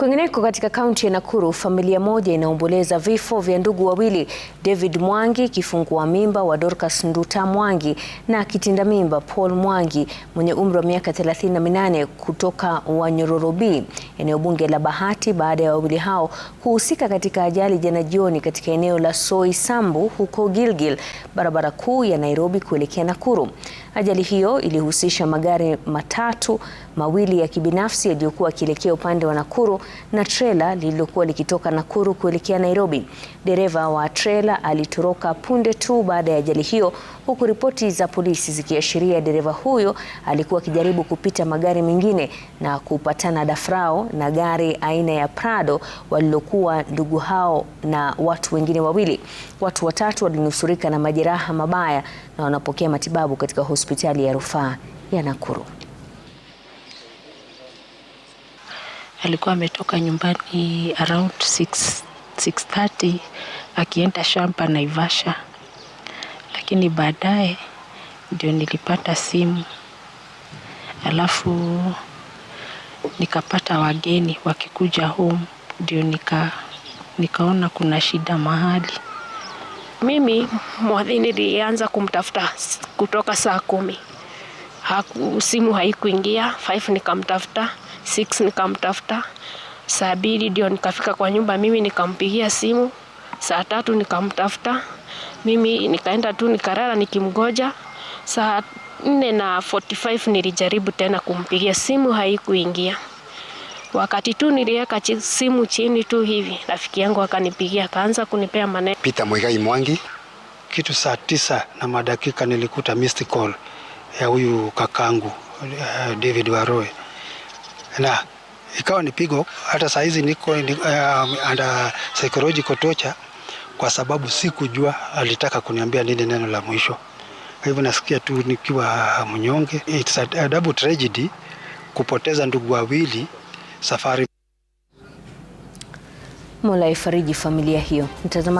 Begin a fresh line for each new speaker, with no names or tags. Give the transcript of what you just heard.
Kwingineko katika kaunti ya Nakuru, familia moja inaomboleza vifo vya ndugu wawili, David Mwangi kifungua mimba wa Dorcas Nduta Mwangi na kitinda mimba Paul Mwangi mwenye umri wa miaka 38 kutoka Wanyororo B, eneo bunge la Bahati, baada ya wawili hao kuhusika katika ajali jana jioni katika eneo la Soi Sambu huko Gilgil, barabara kuu ya Nairobi kuelekea Nakuru. Ajali hiyo ilihusisha magari matatu, mawili ya kibinafsi yaliyokuwa yakielekea upande wa Nakuru na trela lililokuwa likitoka Nakuru kuelekea Nairobi. Dereva wa trela alitoroka punde tu baada ya ajali hiyo, huku ripoti za polisi zikiashiria dereva huyo alikuwa akijaribu kupita magari mengine na kupatana dafrao na gari aina ya Prado walilokuwa ndugu hao na watu wengine wawili. Watu watatu walinusurika na majeraha mabaya na wanapokea matibabu katika hospitali ya rufaa ya Nakuru.
Alikuwa ametoka nyumbani around 6 6:30 akienda shamba Naivasha, lakini baadaye ndio nilipata simu, alafu nikapata wageni wakikuja home, ndio nika nikaona kuna shida mahali.
Mimi mwadhini nilianza kumtafuta kutoka saa kumi. Haku, simu haikuingia. 5 nikamtafuta, 6 nikamtafuta, saa mbili ndio nikafika kwa nyumba mimi nikampigia simu, saa tatu nikamtafuta mimi nikaenda tu nikarara nikimgoja. Saa nne na 45 nilijaribu tena kumpigia simu, haikuingia. Wakati tu niliweka simu chini tu hivi, rafiki yangu akanipigia, akaanza kunipea maneno.
Peter Mwigai Mwangi,
kitu saa tisa na madakika nilikuta missed call ya huyu kakangu eh, David Waroe na ikawa ni pigo. Hata saa hizi niko uh, under psychological torture kwa sababu sikujua alitaka kuniambia nini neno la mwisho. Kwa hivyo nasikia tu nikiwa mnyonge. It's a double tragedy kupoteza ndugu wawili safari. Mola ifariji familia hiyo. mtazama